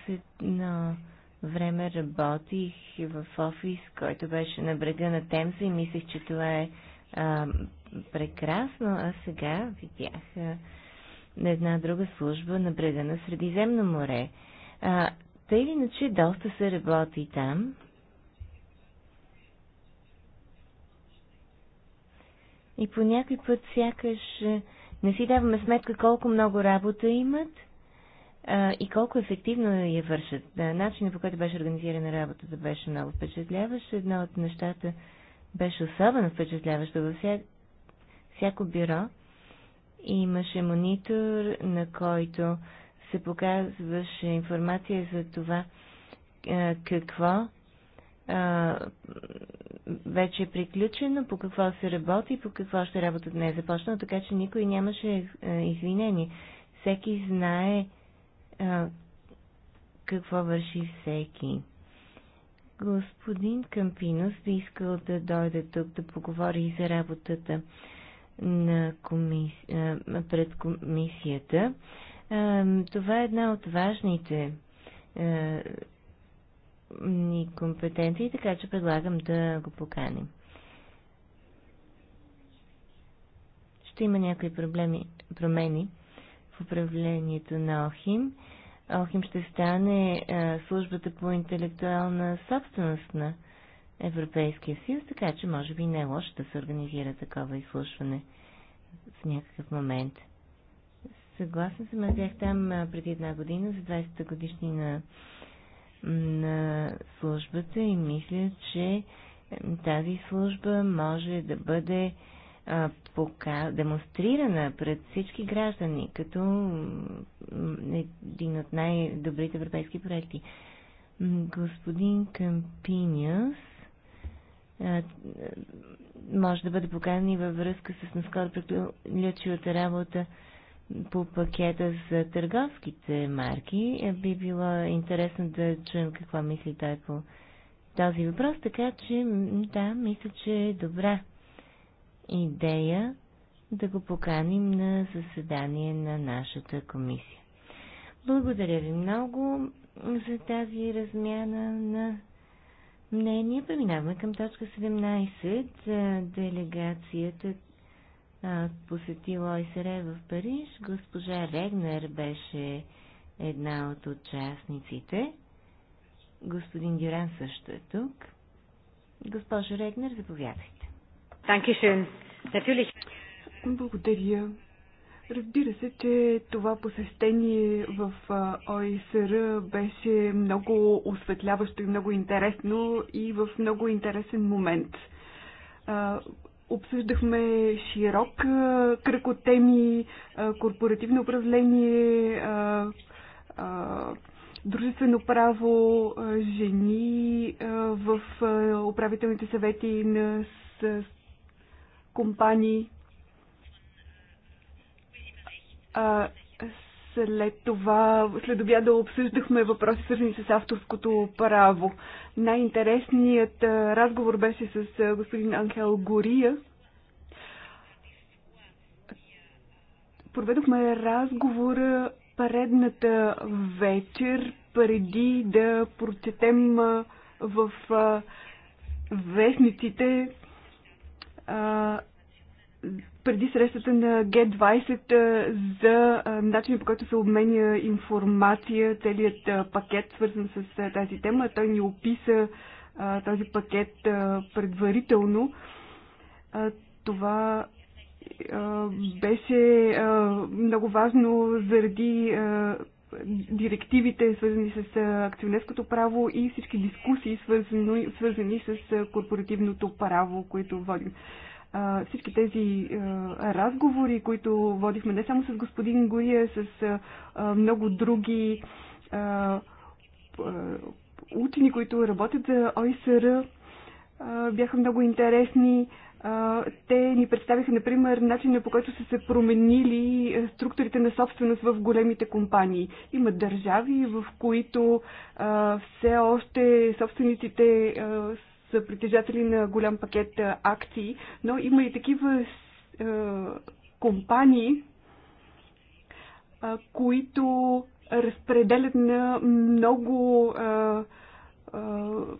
едно време работих в офис, който беше на брега на Темза и мислех, че това е а, прекрасно, а сега видях а, на една друга служба на брега на Средиземно море. А, тъй или иначе доста се работи там. И по някой път сякаш не си даваме сметка колко много работа имат – а, и колко ефективно я вършат. Начинът по който беше организирана работата беше много впечатляващ. Едно от нещата беше особено впечатляващо във вся... всяко бюро. Имаше монитор, на който се показваше информация за това а, какво а, вече е приключено, по какво се работи, по какво ще работата не е започнала, така че никой нямаше извинение. Всеки знае а, какво върши всеки. Господин Кампинос би искал да дойде тук да поговори и за работата на а, пред комисията. Това е една от важните ни компетенции, така че предлагам да го поканим. Ще има някои проблеми, промени в управлението на ОХИМ. ОХИМ ще стане службата по интелектуална собственост на Европейския съюз, така че може би не е лошо да се организира такова изслушване в някакъв момент. Съгласна съм, аз бях там преди една година за 20-та годишни на службата и мисля, че тази служба може да бъде демонстрирана пред всички граждани, като един от най-добрите европейски проекти. Господин Кампиниас може да бъде поканен и във връзка с наскоро приключилата работа по пакета за търговските марки. Е, би било интересно да чуем какво мисли той по този въпрос, така че да, мисля, че е добра идея да го поканим на заседание на нашата комисия. Благодаря ви много за тази размяна на мнение. Преминаваме към точка 17. Делегацията посетила ОСР в Париж. Госпожа Регнер беше една от участниците. Господин Дюран също е тук. Госпожо Регнер, заповядайте. Dankeschön. Natürlich. Благодаря. Разбира се, че това посещение в ОИСР беше много осветляващо и много интересно и в много интересен момент. Обсъждахме широк кръг от теми, корпоративно управление, дружествено право, жени в управителните съвети на компании. А, след това, след обяда обсъждахме въпроси, свързани с авторското право. Най-интересният разговор беше с господин Анхел Гория. Проведохме разговор предната вечер, преди да прочетем в вестниците а, преди срещата на Г-20 за начинът по който се обменя информация, целият пакет, свързан с тази тема. Той ни описа а, този пакет а, предварително. А, това беше много важно заради директивите, свързани с акционерското право и всички дискусии, свързани, свързани с корпоративното право, които водим. Всички тези разговори, които водихме не само с господин Гория, с много други учени, които работят за ОИСР, бяха много интересни те ни представиха, например, начина по който са се променили е, структурите на собственост в големите компании. Има държави, в които а, все още собствениците а, са притежатели на голям пакет а, акции, но има и такива а, компании, а, които разпределят на много, а, а,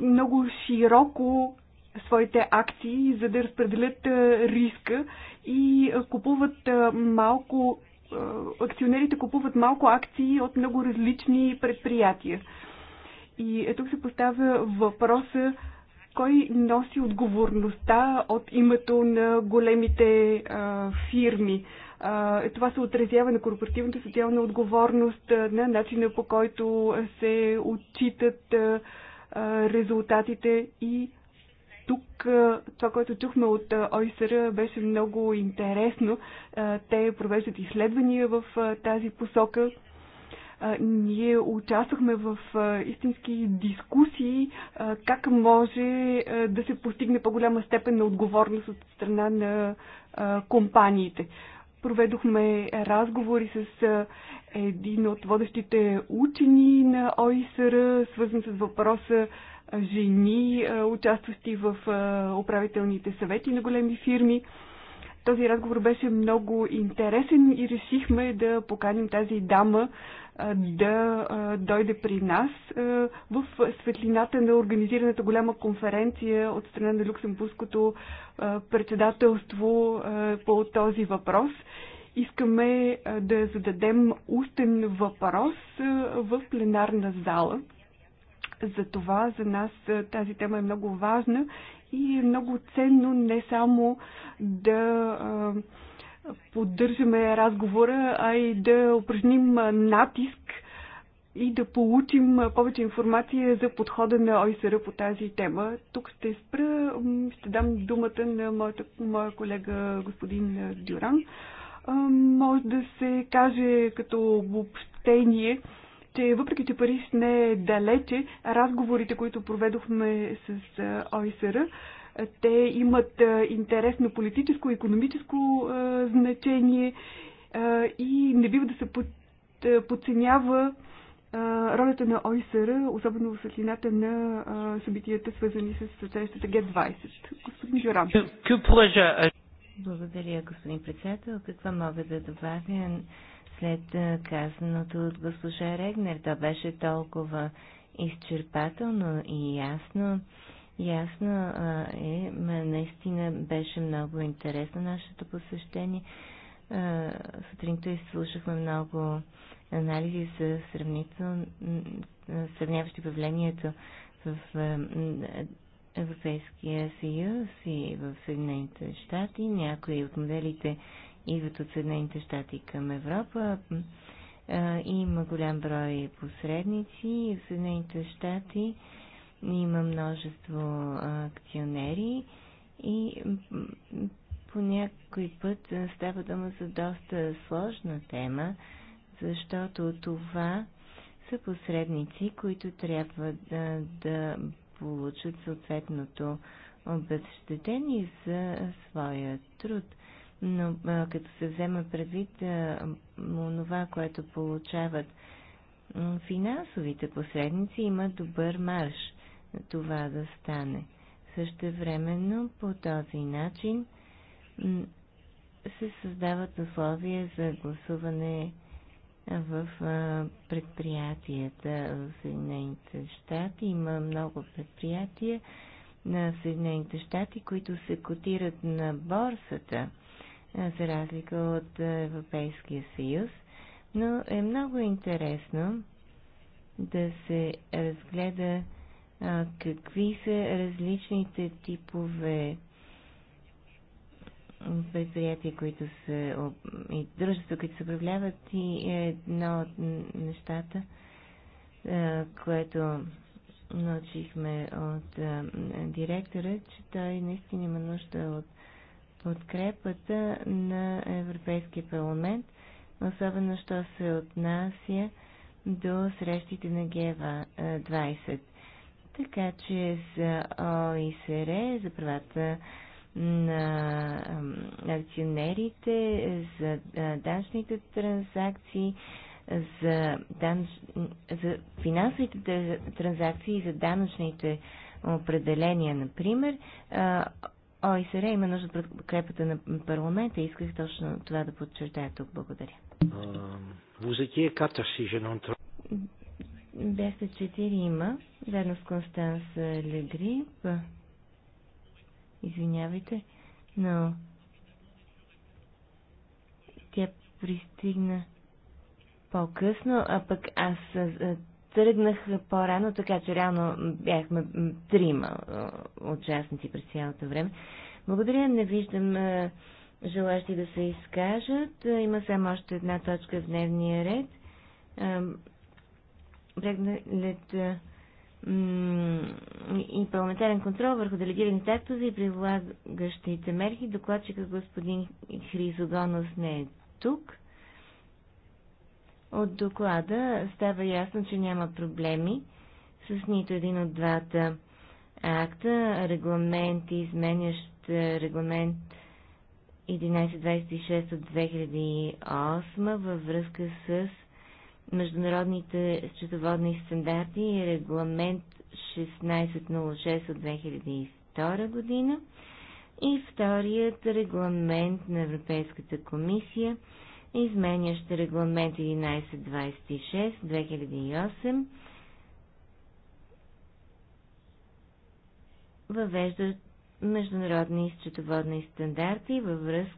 много широко своите акции, за да разпределят риска и купуват малко, акционерите купуват малко акции от много различни предприятия. И е тук се поставя въпроса кой носи отговорността от името на големите а, фирми. А, това се отразява на корпоративната социална отговорност, на начина по който се отчитат а, резултатите и тук това, което чухме от ОИСР беше много интересно. Те провеждат изследвания в тази посока. Ние участвахме в истински дискусии как може да се постигне по-голяма степен на отговорност от страна на компаниите проведохме разговори с един от водещите учени на ОИСР, свързан с въпроса жени, участващи в управителните съвети на големи фирми. Този разговор беше много интересен и решихме да поканим тази дама да дойде при нас в светлината на организираната голяма конференция от страна на Люксембургското председателство по този въпрос. Искаме да зададем устен въпрос в пленарна зала затова за нас тази тема е много важна и е много ценно не само да поддържаме разговора, а и да упражним натиск и да получим повече информация за подхода на ОИСР по тази тема. Тук ще спра, ще дам думата на моята, моя колега господин Дюран. Може да се каже като обобщение, че въпреки, че Париж не е далече, разговорите, които проведохме с ОИСР, те имат интересно политическо, и економическо значение и не бива да се подценява ролята на ОИСР, особено в светлината на събитията, свързани с срещата Г-20. Господин Жоран. Благодаря, господин председател. Какво мога да добавя? след казаното от госпожа Регнер. То беше толкова изчерпателно и ясно. Ясно е, наистина беше много интересно нашето посещение. Сутринта изслушахме много анализи за сравняващи появлението в Европейския съюз и в Съединените щати. Някои от моделите идват от Съединените щати към Европа. Има голям брой посредници в Съединените щати. Има множество акционери и по някой път става дума за доста сложна тема, защото това са посредници, които трябва да, да получат съответното обезщетение за своя труд но като се взема предвид това, което получават финансовите посредници, има добър марш това да стане. Същевременно по този начин се създават условия за гласуване в предприятията в Съединените щати. Има много предприятия на Съединените щати, които се котират на борсата – за разлика от Европейския съюз, но е много интересно да се разгледа а, какви са различните типове предприятия, които са и дружества, които се управляват и едно от нещата, а, което научихме от а, директора, че той наистина има нужда от подкрепата на Европейския парламент, особено що се отнася до срещите на ГЕВА 20 Така че за ОИСР, за правата на акционерите, за данъчните транзакции, за, данъч... за финансовите транзакции и за данъчните определения, например, ОИСР има нужда от крепата на парламента и исках точно това да подчертая тук. Благодаря. Е Бяхте четири има, заедно с Констанс Легрип. Извинявайте, но тя пристигна по-късно, а пък аз тръгнах по-рано, така че реално бяхме трима участници през цялото време. Благодаря, не виждам желащи да се изкажат. Има само още една точка в дневния ред. Преглед и парламентарен контрол върху делегирани тактози и прилагащите мерки. Докладчика господин Хризогонов не е тук. От доклада става ясно, че няма проблеми с нито един от двата акта. Регламент е, и изменящ регламент 1126 от 2008 във връзка с международните счетоводни стандарти и регламент 1606 от 2002 година и вторият регламент на Европейската комисия изменящ регламент 1126-2008, въвежда международни счетоводни стандарти във връзка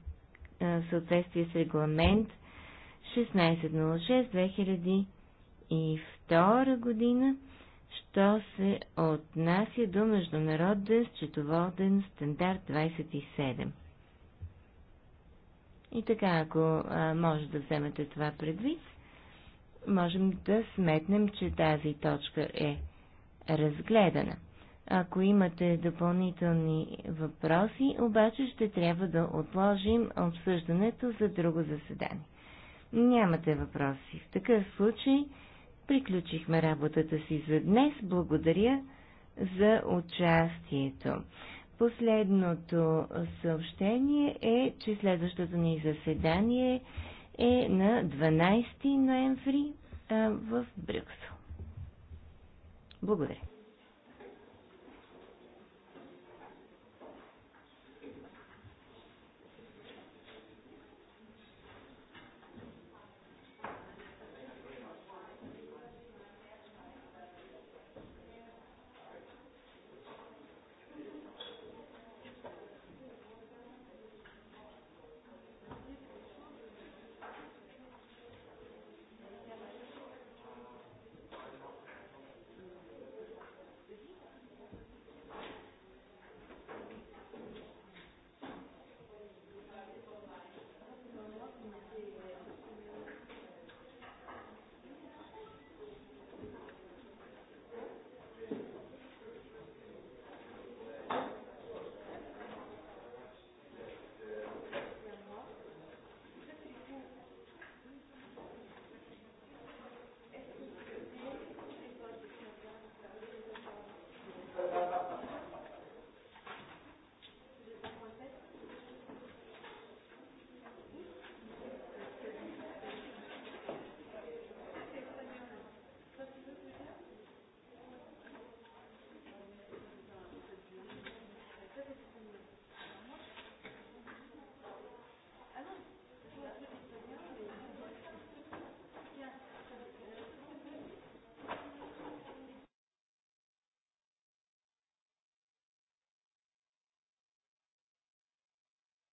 в съответствие с регламент 1606-2002 година, що се отнася до международен счетоводен стандарт 27. И така, ако а, може да вземете това предвид, можем да сметнем, че тази точка е разгледана. Ако имате допълнителни въпроси, обаче ще трябва да отложим обсъждането за друго заседание. Нямате въпроси. В такъв случай приключихме работата си за днес. Благодаря за участието. Последното съобщение е, че следващото ни заседание е на 12 ноември в Брюксел. Благодаря.